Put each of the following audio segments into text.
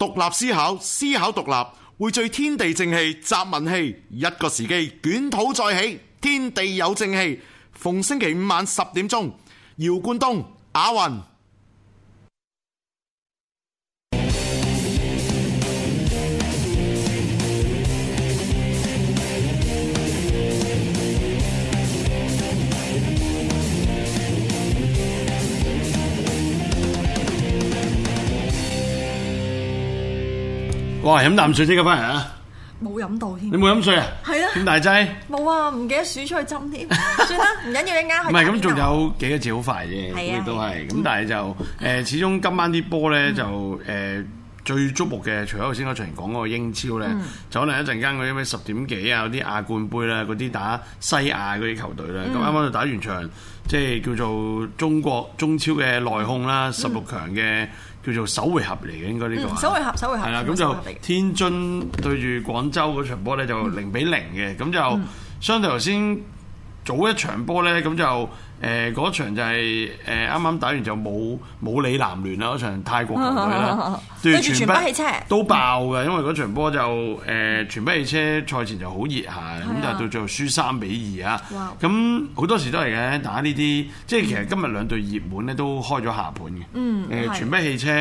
獨立思考，思考獨立，匯聚天地正氣，集文氣，一個時機，捲土再起，天地有正氣。逢星期五晚十點鐘，姚冠東亞雲。哇！飲啖水先咁翻嚟啊！冇飲到添，你冇飲水啊？係啊，咁大劑。冇啊，唔記得取出去斟添。算啦，唔緊要，一啱。唔係咁，仲有幾多字好快啫？亦都係咁，但係就誒，始終今晚啲波咧就誒最觸目嘅，除咗頭先我隨便講嗰個英超咧，就可能一陣間嗰啲咩十點幾啊，嗰啲亞冠杯啦，嗰啲打西亞嗰啲球隊啦，咁啱啱就打完場，即係叫做中國中超嘅內控啦，十六強嘅。叫做首回合嚟嘅，應該呢個。嗯，說首回合，對首回合。係喇就，咁就天津對住廣州嗰場波咧就零比零嘅，咁、嗯、就相對頭先。早一場波咧，咁就誒嗰、呃、場就係誒啱啱打完就冇冇李南聯啦，嗰場泰國球隊啦、呃，對全北汽車都爆嘅，因為嗰場波就誒全北汽車賽前就好熱下，咁就係到最後輸三比二啊哇，咁好多時都係嘅打呢啲，即係其實今日兩隊熱門咧都開咗下盤嘅，誒 全北汽車、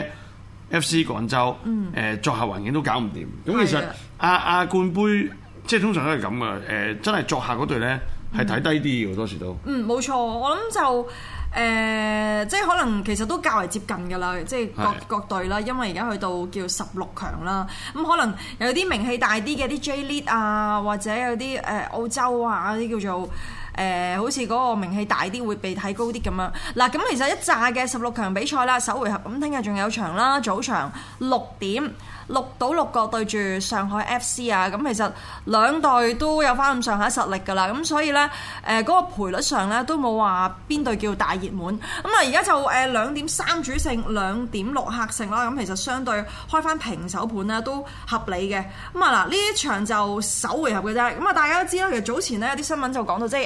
F. C. 廣州，誒、 呃呃、作客環境都搞唔掂，咁其實阿亞冠杯即係通常都係咁嘅，誒、呃、真係、呃、作客嗰隊咧。係睇低啲嘅，嗯、多時都嗯，冇錯，我諗就誒、呃，即係可能其實都較為接近嘅啦，即係各是的 各隊啦，因為而家去到叫十六強啦，咁、嗯、可能有啲名氣大啲嘅啲 J League 啊，或者有啲誒、呃、澳洲啊啲叫做。誒、呃，好似嗰個名氣大啲，會被睇高啲咁樣。嗱、啊，咁其實一炸嘅十六強比賽啦，首回合咁，聽日仲有場啦，早場六點，鹿島鹿角對住上海 FC 啊。咁其實兩隊都有翻咁上下實力㗎啦。咁、啊、所以呢，誒、呃、嗰、那個賠率上呢都冇話邊隊叫大熱門。咁啊，而家就誒兩點三主勝，兩點六客勝啦。咁、啊、其實相對開翻平手盤咧都合理嘅。咁啊嗱，呢一場就首回合嘅啫。咁啊，大家都知啦，其實早前呢有啲新聞就講到即係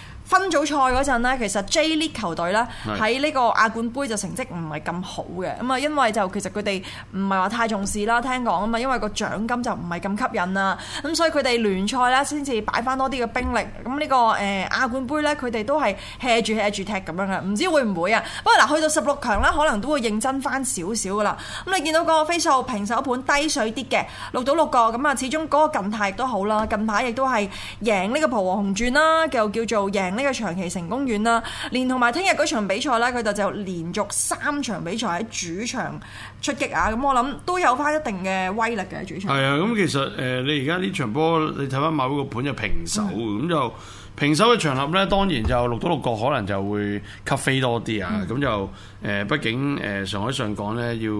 分組賽嗰陣咧，其實 J League 球隊呢，喺呢個亞冠杯就成績唔係咁好嘅，咁啊因為就其實佢哋唔係話太重視啦，聽講啊嘛，因為個獎金就唔係咁吸引啦，咁所以佢哋聯賽咧先至擺翻多啲嘅兵力，咁呢、這個誒、呃、亞冠杯呢，佢哋都係 hea 住 hea 住踢咁樣嘅，唔知會唔會啊？不過嗱，去到十六強啦，可能都會認真翻少少噶啦。咁你見到個飛數平手盤低水啲嘅，六到六個，咁啊始終嗰個近態亦都好啦，近排亦都係贏呢個浦和紅鑽啦，又叫做贏、這個呢個長期成功遠啦，連同埋聽日嗰場比賽啦，佢哋就連續三場比賽喺主場出擊啊！咁我諗都有翻一定嘅威力嘅主場。係啊，咁其實誒，你而家呢場波，你睇翻馬會個盤就平手嘅，咁、嗯、就平手嘅場合咧，當然就六到六個可能就會吸飛多啲啊！咁、嗯、就誒，畢竟誒上海上港咧要。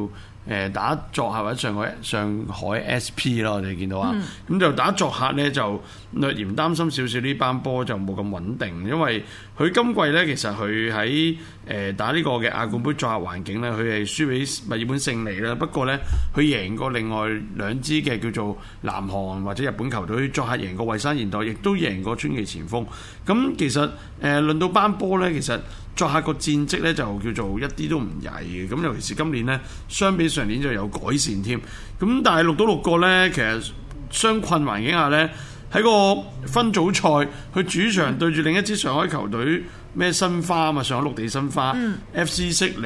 誒、呃、打作客或者上海上海 SP 咯，我哋見到啊，咁就、嗯、打作客呢，就略嫌擔心少少呢班波就冇咁穩定，因為佢今季呢，其實佢喺誒打呢個嘅亞冠杯作客環境呢，佢係輸畀墨爾本勝利啦，不過呢，佢贏過另外兩支嘅叫做南韓或者日本球隊，作客贏過蔚山現代，亦都贏過川崎前鋒。咁、嗯、其實誒論、呃、到班波呢，其實。作客個戰績呢，就叫做一啲都唔曳嘅，咁尤其是今年呢，相比上年就有改善添。咁但係六到六個呢，其實相困環境下呢，喺個分組賽，佢主場對住另一支上海球隊咩申花啊嘛，上海綠地申花，F C 悉尼，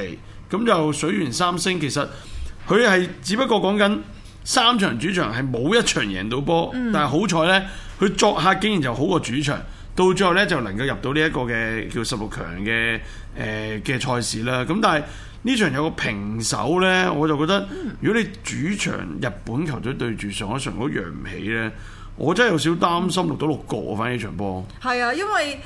咁、嗯、就水原三星。其實佢係只不過講緊三場主場係冇一場贏到波，嗯、但係好彩呢，佢作客竟然就好過主場。到最後咧，就能夠入到呢一個嘅叫十六強嘅誒嘅賽事啦。咁但係呢場有個平手呢，我就覺得、嗯、如果你主場日本球隊對住上海上港揚起呢，我真係有少少擔心錄到六個啊！翻呢場波係啊，因為。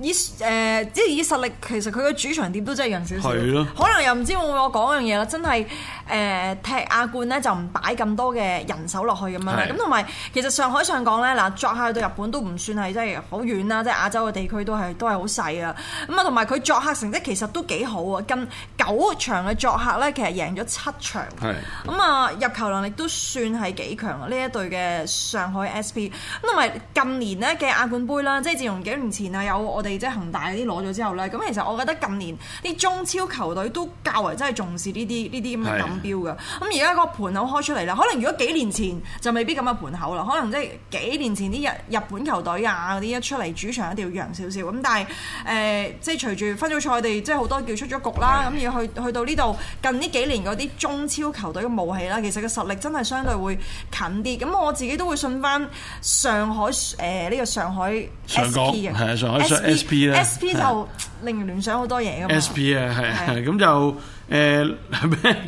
以誒，即、呃、係以實力，其實佢嘅主場點都真係人少少。係咯。可能又唔知會唔會我講樣嘢啦，真係誒、呃、踢亞冠咧就唔擺咁多嘅人手落去咁樣啦。咁同埋其實上海上港咧，嗱作客去到日本都唔算係真係好遠啦，即係亞洲嘅地區都係都係好細啊。咁啊同埋佢作客成績其實都幾好啊，近九場嘅作客咧其實贏咗七場。係。咁啊、嗯、入球能力都算係幾強。呢一隊嘅上海 SP。咁同埋近年呢嘅亞冠杯啦，即係自從幾年前啊有我。即係恒大嗰啲攞咗之後呢，咁其實我覺得近年啲中超球隊都較為真係重視呢啲呢啲咁嘅錦標嘅。咁而家個盤口開出嚟啦，可能如果幾年前就未必咁嘅盤口啦，可能即係幾年前啲日日本球隊啊嗰啲一出嚟主場一定要贏少少。咁但係誒、呃，即係隨住分組賽，地，即係好多叫出咗局啦。咁是的 而去去到呢度近呢幾年嗰啲中超球隊嘅武器啦，其實個實力真係相對會近啲。咁我自己都會信翻上，上海誒呢個上海 SP，上 S P S P、啊、就令人聯想好多嘢噶嘛 S P 啊，係啊，咁就誒，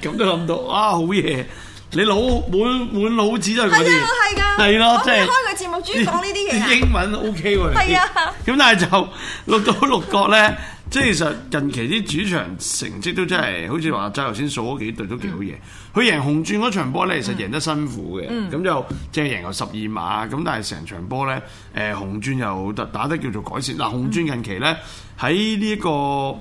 咁都諗到啊，好嘢、啊呃！ 你腦滿滿腦子都係嗰啲，係啊，係噶、啊，係咯、啊，即係、啊、開個節目主要講呢啲嘢英文 O K 喎，係、okay，呃、啊，咁但係就錄到六角咧。 即係其實近期啲主場成績都真係，好似話齋頭先數嗰幾隊都幾好嘢。佢贏紅鑽嗰場波咧，其實贏得辛苦嘅，咁、嗯、就即係贏咗十二碼。咁但係成場波咧，誒紅鑽又打得叫做改善。嗱、啊、紅鑽近期咧喺呢一、呢個。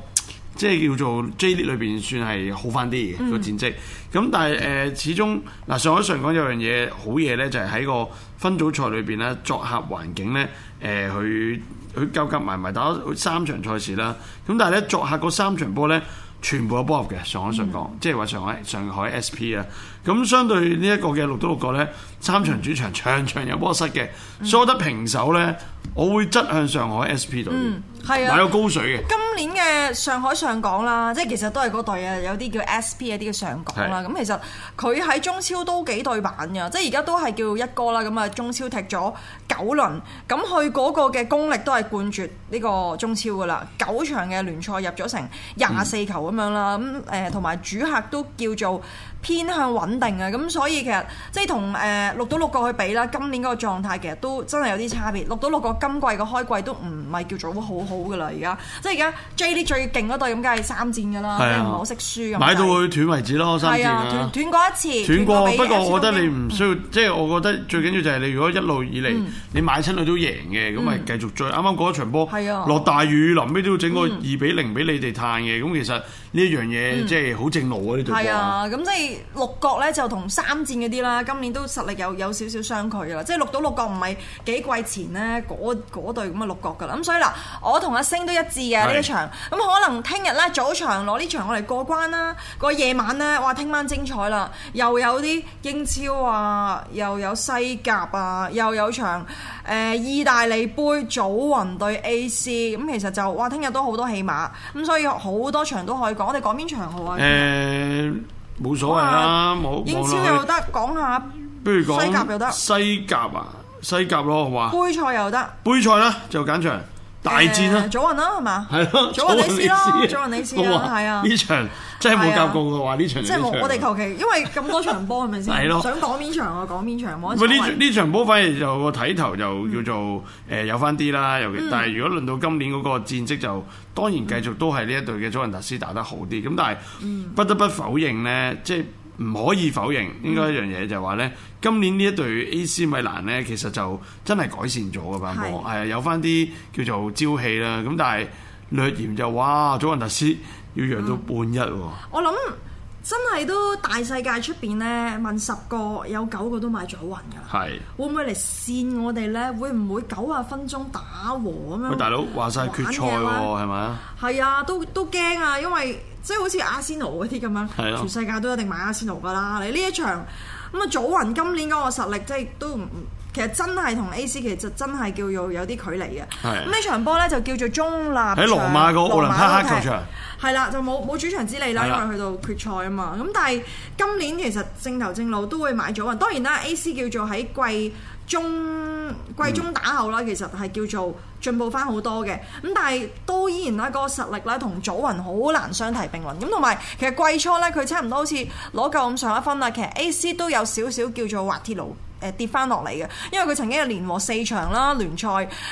即係叫做 J 聯裏邊算係好翻啲嘅戰績，咁、嗯、但係誒、呃、始終嗱、呃、上海上港有樣嘢好嘢咧，就係、是、喺個分組賽裏邊咧，作客環境咧誒，佢、呃、佢交夾埋埋打三場賽事啦。咁但係咧，作客嗰三場波咧，全部有波入嘅上海上港，嗯、即係話上海上海 SP 啊。咁相對呢一個嘅六到六個咧，三場主場場場有波失嘅，所以我覺得平手咧，我會側向上海 SP 度、嗯。嗯。係啊，今年嘅上海上港啦，即係其實都係嗰隊啊，有啲叫 SP 一啲嘅上港啦。咁是的 其實佢喺中超都幾對版㗎，即係而家都係叫一哥啦。咁啊，中超踢咗九輪，咁佢嗰個嘅功力都係冠絕呢個中超㗎啦。九場嘅聯賽入咗成廿四球咁樣啦，咁誒同埋主客都叫做。偏向穩定啊，咁所以其實即係同誒六到六個去比啦，今年嗰個狀態其實都真係有啲差別。六到六個今季個開季都唔係叫做好好嘅啦，而家即係而家 J 啲最勁嗰隊咁，梗係三戰嘅啦，唔好識輸。買到佢斷為止咯，啊、三戰啊。啊，斷斷過一次。斷過，不過我覺得你唔需要，即係、嗯、我覺得最緊要就係你如果一路以嚟、嗯、你買親佢都贏嘅，咁咪繼續追，啱啱嗰一場波落、啊、大雨，臨尾都要整個二比零俾你哋嘆嘅，咁其實。呢一樣嘢即係好正路、嗯、對啊！呢隊波，係啊，咁即係六角呢，就同三戰嗰啲啦，今年都實力有有少少相距噶啦。即係六到六角唔係幾季前呢嗰嗰隊咁嘅六角噶啦。咁所以嗱，我同阿星都一致嘅呢是的 場。咁可能聽日呢，早場攞呢場我嚟過關啦。個夜晚呢，哇聽晚精彩啦！又有啲英超啊，又有西甲啊，又有場誒、呃、意大利杯祖雲對 A C。咁其實就哇聽日都好多戲碼咁，所以好多場都可以。講我哋講邊場好啊？誒、欸，冇在所謂啦，冇說英超又得，講下，不如講西甲又得，西甲啊，西甲咯，好嘛？杯賽又得，杯賽啦，就揀場，大戰啦，啊，祖運啦，係嘛？係 咯，祖運你先咯，祖運你先啊，係說啊，呢場。即係冇教過嘅話呢、啊、場、場，即係我哋求其，因為咁多場波係咪先？係咯， 想講邊場啊？講邊場？我呢呢場波反而就個睇頭就叫做誒、嗯呃、有翻啲啦。尤其但係如果輪到今年嗰個戰績就當然繼續都係呢一隊嘅祖雲達斯打得好啲。咁但係不得不否認咧，即係唔可以否認，嗯、應該一樣嘢就係話咧，今年呢一隊 AC 米蘭咧其實就真係改善咗嘅嘛。波係、嗯、有翻啲叫做朝氣啦。咁但係略嫌就哇祖雲達斯。要贏到半一喎、哦嗯！我諗真係都大世界出邊咧問十個有九個都買早雲㗎，係是會唔會嚟扇我哋咧？會唔會九十分鐘打和咁樣？喂，大佬話晒決賽喎，係咪啊？係啊，吧啊，都都驚啊！因為即係好似阿仙奴嗰啲咁樣，啊、全世界都一定買阿仙奴㗎啦。你呢一場咁啊早雲今年嗰個實力即係都唔。其實真係同 A. C. 其實真係叫做有啲距離嘅對。咁呢場波咧就叫做中立場喺羅、欸、馬個奧林匹克球場。係啦，就冇冇主場之利啦，對的 因為去到決賽啊嘛。咁但係今年其實正頭正路都會買祖雲。當然啦，A. C. 叫做喺季中季中打後啦，其實係叫做進步翻好多嘅。咁、嗯、但係都依然啦，嗰、那個實力啦，同祖雲好難相提並論。咁同埋其實季初咧，佢差唔多好似攞夠咁上一分啦。其實 A. C. 都有少少叫做滑鐵盧。跌翻落嚟嘅，因為佢曾經係連和四場啦聯賽，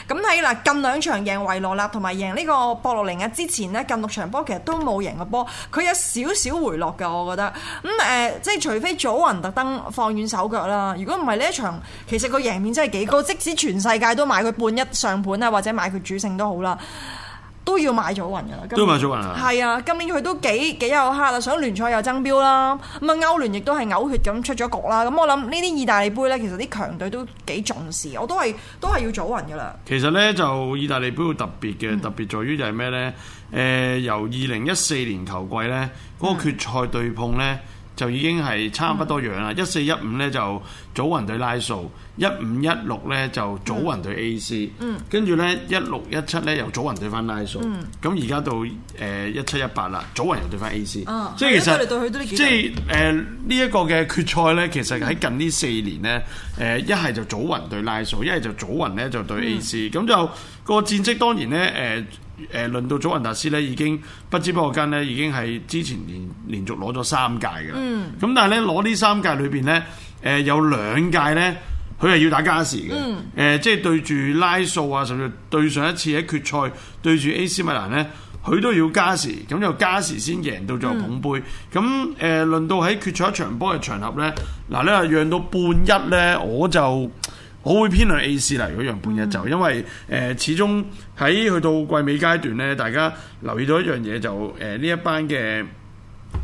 咁睇嗱近兩場贏維羅納同埋贏呢個博洛尼亞，之前咧近六場波其實都冇贏過波，佢有少少回落嘅，我覺得，咁、嗯、誒、呃、即係除非祖雲特登放軟手腳啦，如果唔係呢一場，其實個贏面真係幾高，即使全世界都買佢半一上盤啊，或者買佢主勝都好啦。都要買組雲噶啦，今都要買組雲啊！係啊，今年佢都幾幾有客啦，想聯賽又爭標啦，咁啊歐聯亦都係嘔血咁出咗局啦。咁我諗呢啲意大利杯呢，其實啲強隊都幾重視，我都係都係要組雲噶啦。其實呢，就意大利杯好特別嘅，嗯、特別在於就係咩呢？誒、呃、由二零一四年球季呢，嗰、那個決賽對碰呢，就已經係差唔多樣啦。一四一五呢，就組雲對拉素。一五一六咧就祖雲對 A.C.，跟住咧一六一七咧又祖雲對返拉素、嗯，咁而家到誒一七一八啦，祖雲又對返 A.C.，啊啊、即係其實對他對他即係誒呢一個嘅決賽咧，其實喺近呢四年咧誒一係就祖雲對拉素，一係就祖雲咧就對 A.C.，咁就、嗯嗯、個戰績當然咧誒誒輪到祖雲達斯咧已經不知不覺間咧已經係之前連連續攞咗三屆嘅啦。咁、嗯、但係咧攞呢三屆裏邊咧誒有兩屆咧。了 3 佢係要打加時嘅，誒、嗯呃、即係對住拉數啊，甚至對上一次喺決賽對住 A.C. 米蘭呢，佢都要加時，咁就加時先贏到最後捧杯。咁誒、嗯呃，輪到喺決賽一場波嘅場合呢，嗱你話讓到半一呢，我就我會偏向 A.C. 嗱如果讓半一就，嗯、因為誒、呃、始終喺去到季尾階段呢，大家留意到一樣嘢就誒呢、呃、一班嘅。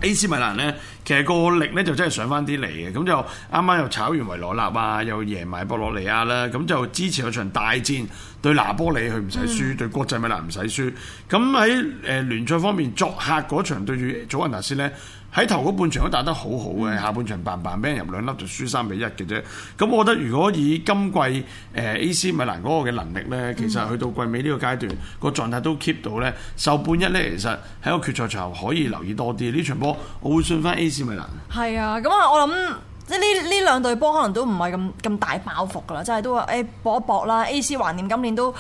AC 米蘭呢，其實個力呢就真係上翻啲嚟嘅，咁就啱啱又炒完維羅納啊，又贏埋博洛尼亞啦，咁就支持嗰場大戰對拿波里，佢唔使輸，嗯、對國際米蘭唔使輸。咁喺誒聯賽方面，作客嗰場對住祖雲達斯呢。喺頭嗰半場都打得好好嘅，嗯、下半場扮扮俾人入兩粒就輸三比一嘅啫。咁我覺得如果以今季誒、呃、A.C. 米蘭嗰個嘅能力咧，其實去到季尾呢個階段個狀態都 keep 到咧，受半一咧，其實喺個決賽場可以留意多啲呢場波，我會信翻 A.C. 米蘭。係啊，咁啊，我諗即係呢呢兩隊波可能都唔係咁咁大包袱噶啦，真係都話誒搏一搏啦。A.C. 橫掂今年都。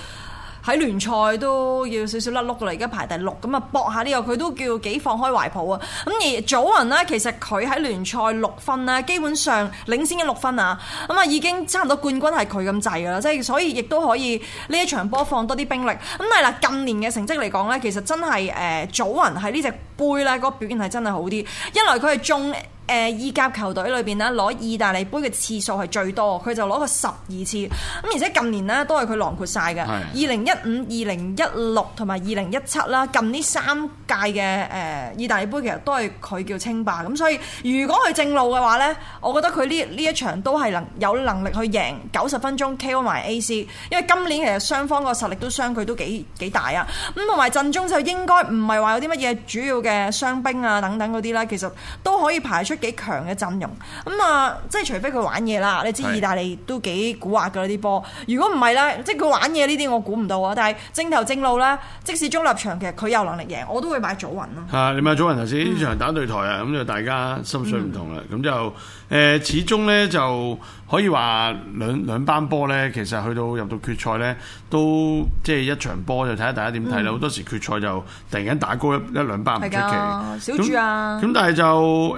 喺聯賽都要少少甩碌啦，而家排第六，咁啊搏下呢個佢都叫幾放開懷抱啊！咁而祖雲呢，其實佢喺聯賽六分呢，基本上領先嘅六分啊，咁啊已經差唔多冠軍係佢咁滯噶啦，即係所以亦都可以呢一場波放多啲兵力。咁係啦，近年嘅成績嚟講呢，其實真係誒祖雲喺呢隻杯呢個表現係真係好啲，一來佢係中。誒意甲球隊裏邊啦，攞意大利杯嘅次數係最多，佢就攞過十二次。咁而且近年咧都係佢囊括晒嘅。二零一五、二零一六同埋二零一七啦，2017, 近呢三屆嘅誒意大利杯其實都係佢叫稱霸。咁所以如果佢正路嘅話呢，我覺得佢呢呢一場都係能有能力去贏九十分鐘 KO 埋 A.C.，因為今年其實雙方個實力都相距都幾幾大啊。咁同埋陣中就應該唔係話有啲乜嘢主要嘅傷兵啊等等嗰啲啦，其實都可以排出。幾強嘅陣容，咁啊，即係除非佢玩嘢啦，你知意大利都幾蠱惑噶，呢啲波。是的 如果唔係咧，即係佢玩嘢呢啲，我估唔到啊。但係正頭正路啦，即使中立場，其實佢有能力贏，我都會買祖雲咯。係、啊、你買祖雲頭先場打對台啊，咁就、嗯、大家心水唔同啦，咁、嗯、就。誒始終呢就可以話兩兩班波呢，其實去到入到決賽呢，都即係一場波就睇下大家點睇啦。好、嗯、多時決賽就突然間打高一、嗯、一兩班唔出奇。小朱啊，咁但係就誒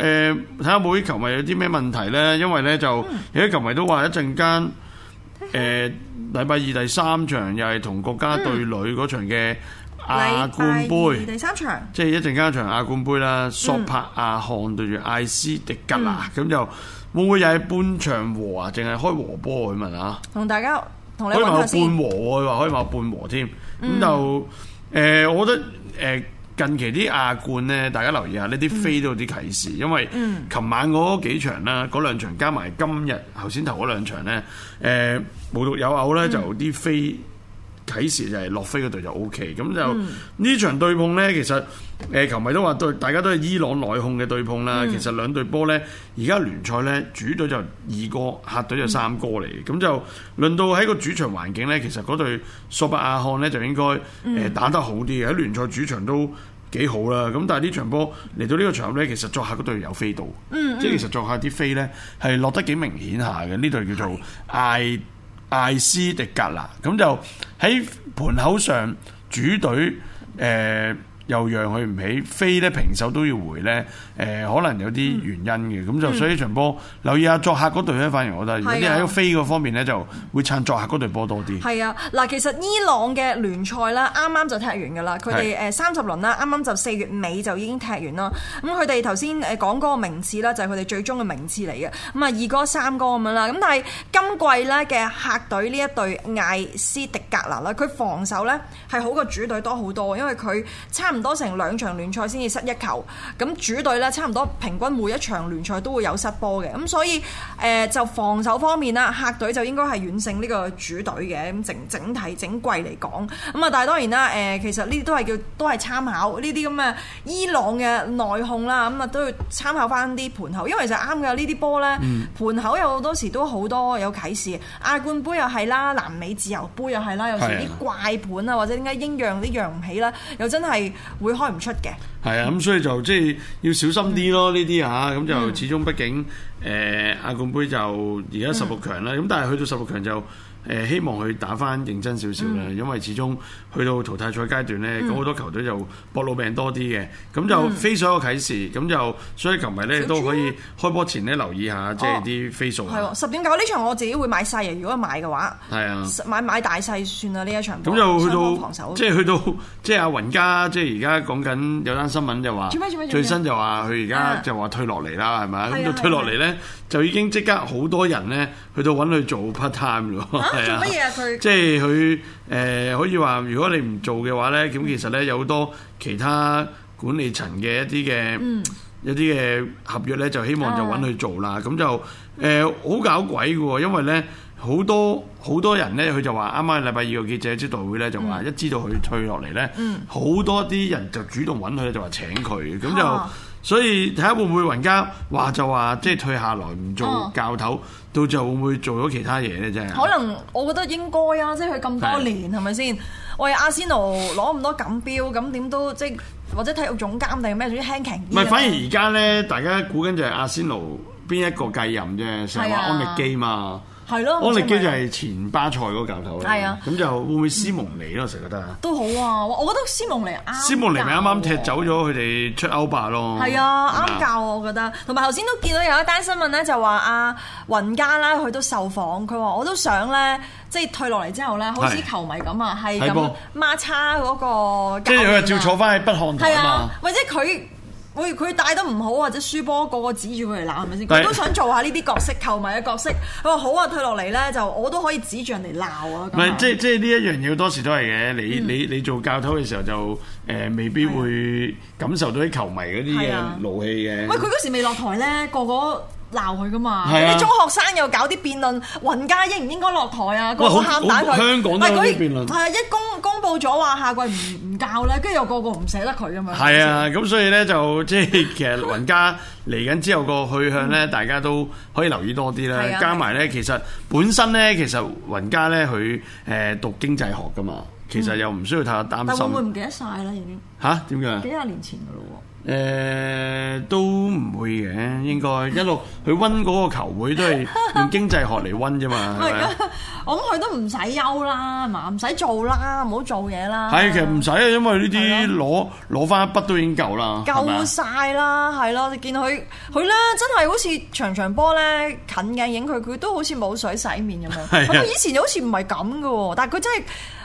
睇下每啲球迷有啲咩問題呢？因為呢，就有啲、嗯、球迷都話一陣間誒禮拜二第三場又係同國家隊女嗰場嘅。嗯亞冠杯，即係一陣間場亞冠杯啦，索帕亞漢對住艾斯迪吉啦，咁、嗯、就會唔會又係半場和啊？淨係開和波佢問啊，同大家同你開埋半和喎，佢話開埋半和添，咁、嗯、就誒、呃，我覺得誒、呃、近期啲亞冠咧，大家留意下呢啲飛都有啲啟示，嗯、因為琴晚嗰幾場啦，嗰兩場加埋今日頭先投嗰兩場咧，誒、呃、無獨有偶咧就啲飛。嗯啟示就係落飛嗰隊就 O K，咁就呢、嗯、場對碰呢，其實誒球迷都話對，大家都係伊朗內訌嘅對碰啦。嗯、其實兩隊波呢，而家聯賽呢，主隊就二哥，客隊就三哥嚟。咁、嗯、就輪到喺個主場環境呢，其實嗰隊索伯亞漢呢就應該誒、呃嗯、打得好啲嘅，喺聯賽主場都幾好啦。咁但係呢場波嚟到呢個場呢，其實作客嗰隊有飛到，即係、嗯嗯嗯、其實作客啲飛呢，係落得幾明顯下嘅。呢隊叫做 I。艾斯迪格拿，咁就喺盤口上主隊誒。呃又讓佢唔起飛咧，平手都要回咧。誒、呃，可能有啲原因嘅，咁、嗯、就所以呢場波、嗯、留意下作客嗰隊咧，反而我覺得，啊、如果喺一個飛嗰方面咧，就會撐作客嗰隊波多啲。係啊，嗱，其實伊朗嘅聯賽啦，啱啱就踢完㗎啦。佢哋誒三十輪啦，啱啱就四月尾就已經踢完啦。咁佢哋頭先誒講嗰個名次啦，就係佢哋最終嘅名次嚟嘅。咁啊，二哥、三哥咁樣啦。咁但係今季咧嘅客隊呢一隊艾斯迪格拿啦，佢防守咧係好過主隊多好多，因為佢差差唔多成兩場聯賽先至失一球，咁主隊呢，差唔多平均每一場聯賽都會有失波嘅，咁所以誒、呃、就防守方面啦，客隊就應該係遠勝呢個主隊嘅，咁整整體整季嚟講，咁啊，但係當然啦，誒、呃、其實呢啲都係叫都係參考呢啲咁嘅伊朗嘅內控啦，咁啊都要參考翻啲盤口，因為就啱嘅呢啲波呢，盤、嗯、口有好多時都好多有啟示，亞冠杯又係啦，南美自由杯又係啦，有時啲怪盤啊，或者點解英讓啲讓唔起啦，又真係。會開唔出嘅，係 啊！咁所以就即係要小心啲咯，呢啲吓咁就始終畢竟誒亞、呃、冠杯就而家十六強啦，咁、嗯、但係去到十六強就誒、呃、希望佢打返認真少少啦，嗯、因為始終。去到淘汰賽階段咧，咁好多球隊就搏老命多啲嘅，咁就非所有啟示。咁就所以琴日咧都可以開波前咧留意下，即係啲飛數。係喎，十點九呢場我自己會買細啊！如果買嘅話，係啊，買買大細算啦呢一場波。咁就去到即係去到即係阿雲家，即係而家講緊有單新聞就話，最新就話佢而家就話退落嚟啦，係咪？咁就退落嚟咧，就已經即刻好多人咧去到揾佢做 part time 咯。嚇！做乜嘢啊？佢即係佢誒可以話如果。如果你唔做嘅話呢，咁其實呢，有好多其他管理層嘅一啲嘅、嗯、一啲嘅合約呢，就希望就揾佢做啦。咁、嗯、就誒好、呃、搞鬼嘅喎，因為呢，好多好多人呢，佢就話啱啱禮拜二嘅記者招待會呢，嗯、就話一知道佢退落嚟呢，好、嗯、多啲人就主動揾佢，就話請佢。咁、啊、就所以睇下會唔會人家話就話即係退下來唔做教頭。嗯嗯到就會唔會做咗其他嘢咧？真係可能我覺得應該啊，即係佢咁多年係咪先為阿仙奴攞咁多錦標，咁點都即係或者體育總監定咩總之 handling。唔係，反而而家咧，大家估緊就係阿仙奴邊一個繼任啫，成日話安歷基嘛。係咯，我哋叫就係前巴塞嗰個教頭啦。係啊，咁就會唔會斯蒙尼咯？成日覺得都好啊！我覺得斯蒙尼，斯蒙尼咪啱啱踢走咗佢哋出歐霸咯。係啊，啱吧教我覺得。同埋頭先都見到有一單新聞咧，就話阿雲加啦，佢都受訪，佢話我都想咧，即係退落嚟之後咧，好似球迷咁啊，係咁孖叉嗰個，即係佢又照坐翻喺北看台啊，或者佢。我佢帶得唔好或者輸波，個個指住佢嚟鬧係咪先？佢但 都想做下呢啲角色， 球迷嘅角色。佢話好啊，退落嚟咧就我都可以指住人哋鬧啊！咪即即呢一樣嘢，多時都係嘅。你、嗯、你你做教頭嘅時候就誒、呃，未必會感受到啲球迷嗰啲嘅怒氣嘅、啊。喂、啊，佢嗰時未落台咧，個個鬧佢噶嘛？嗰啲中學生又搞啲辯論，雲加應唔應該落台啊？個個喊打佢。香港都有辯論。係啊，一公公佈咗話下季唔唔教咧，跟住又個個唔捨得佢咁樣。係啊，咁所以咧就即係其實雲加嚟緊之後個去向咧，大家都可以留意多啲啦。加埋咧，其實本身咧，其實雲加咧佢誒讀經濟學噶嘛，其實又唔需要太擔心。但會唔會唔記得晒啦，已經嚇點解？幾廿年前噶咯喎。都唔會嘅，應該一路佢溫嗰個球會都係用經濟學嚟溫啫嘛。啊 我諗佢都唔使休啦，係嘛？唔使做啦，唔好做嘢啦。係其實唔使啊，因為呢啲攞攞翻一筆都已經夠啦，夠晒了啦，係咯吧。你、啊啊、見到佢佢咧，真係好似場場波咧近鏡影佢，佢都好似冇水洗面咁樣。咁是、啊、以前好似唔係咁嘅喎，但係佢真係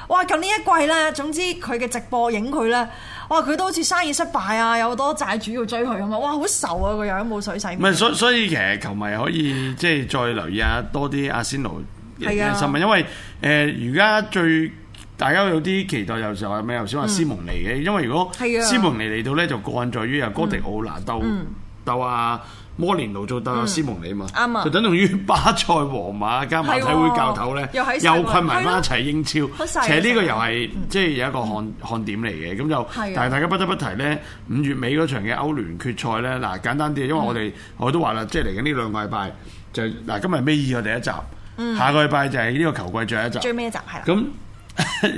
哇！近呢一季咧，總之佢嘅直播影佢咧。哇！佢都好似生意失敗啊，有好多債主要追佢咁啊！哇，好愁啊個樣，冇水洗。唔係，所所以其實球迷可以即係再留意下多啲阿仙奴係啊。新聞，因為誒而家最大家有啲期待又就係咪頭先話斯蒙尼嘅。嗯、因為如果斯蒙尼嚟到咧，係啊、就幹在於阿哥迪奧拿刀。嗯嗯就啊，摩連奴做到有斯蒙尼嘛，就等同於巴塞、皇馬加馬體會教頭咧，又困埋埋一齊英超。其實呢個又係即係有一個看看點嚟嘅，咁就但係大家不得不提咧，五月尾嗰場嘅歐聯決賽咧，嗱簡單啲，因為我哋我都話啦，即係嚟緊呢兩個禮拜就嗱今日尾二我第一集，下個禮拜就係呢個球季最後一集，最尾一集係啦。咁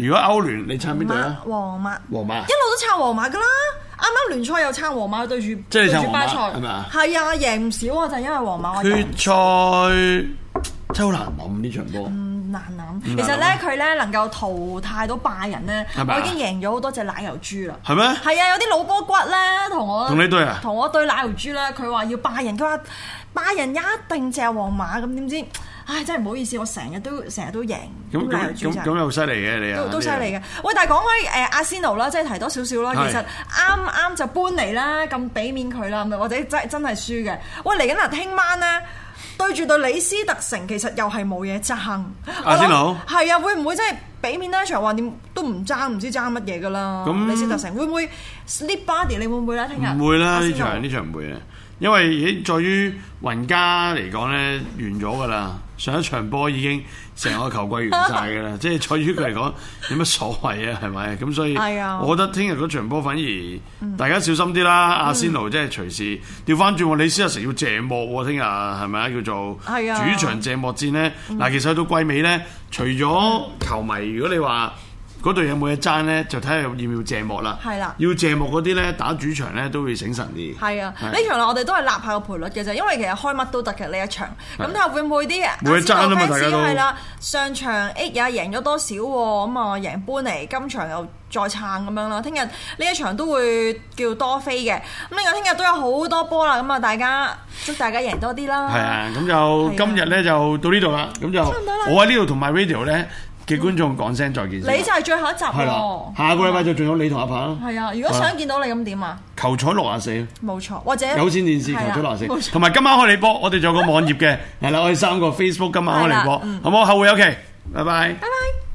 如果歐聯你撐邊隊啊？皇馬，皇馬一路都撐皇馬㗎啦。啱啱聯賽又撐皇馬，對住對住巴塞係咪啊？係啊，贏唔少啊，就係因為皇馬決賽真係好難諗呢場波。嗯，難諗。難難其實咧，佢咧能夠淘汰到拜仁咧，係咪我已經贏咗好多隻奶油豬啦。係咩？係啊，有啲老波骨咧，同我同你對啊，同我對奶油豬咧，佢話要拜仁，佢話拜仁一定隻係皇馬，咁點知？唉，真係唔好意思，我成日都成日都贏咁咁咁又犀利嘅你啊，都犀利嘅。喂，但係講開誒阿仙奴啦，即係提多少少啦。其實啱啱就搬嚟啦，咁俾面佢啦，或者真係真係輸嘅。喂，嚟緊啦，聽晚咧對住對李斯特城，其實又係冇嘢爭。阿仙奴係啊，會唔會真係俾面呢場話點都唔爭，唔知爭乜嘢㗎啦？咁李斯特城會唔會 sleep body？你會唔會咧？聽日唔會啦，呢場呢場唔會啊。因為喺在於雲加嚟講呢，完咗㗎啦，上一場波已經成個球季完晒㗎啦， 即係在於佢嚟講有乜所謂啊？係咪？咁所以，我覺得聽日嗰場波反而、嗯、大家小心啲啦。阿仙奴即係隨時調翻轉喎，你斯阿成要謝幕喎、啊，聽日係咪啊？叫做主場謝幕戰呢，嗱、嗯，其實去到季尾呢，除咗球迷，如果你話，嗰隊有冇嘢爭咧，就睇下的要唔要謝幕啦。係啦，要謝幕嗰啲咧，打主場咧都會醒神啲。係啊的，呢的場我哋都係立下個賠率嘅就因為其實開乜都得嘅呢一場，咁睇下會唔會啲。會爭都問題咯。係啦，上場 A 也贏咗多少喎？咁啊，贏搬嚟，今場又再撐咁樣啦。聽日呢一場都會叫多飛嘅。咁另外聽日都有好多波啦，咁啊，大家祝大家贏多啲啦。係啊，咁就今日咧就到呢度啦。咁就我喺呢度同埋 MyRadio 咧，嘅觀眾講聲再見，你就係最後一集咯、哦。下個禮拜就仲有你同阿柏咯。係啊，如果想見到你咁點啊？球彩六啊四，冇錯，或者有線電視的球彩六啊四，同埋今晚開你波， 我哋仲有個網頁嘅，係啦， 我哋三個 Facebook 今晚開你波，嗯、好冇？後會有期，拜拜，拜拜。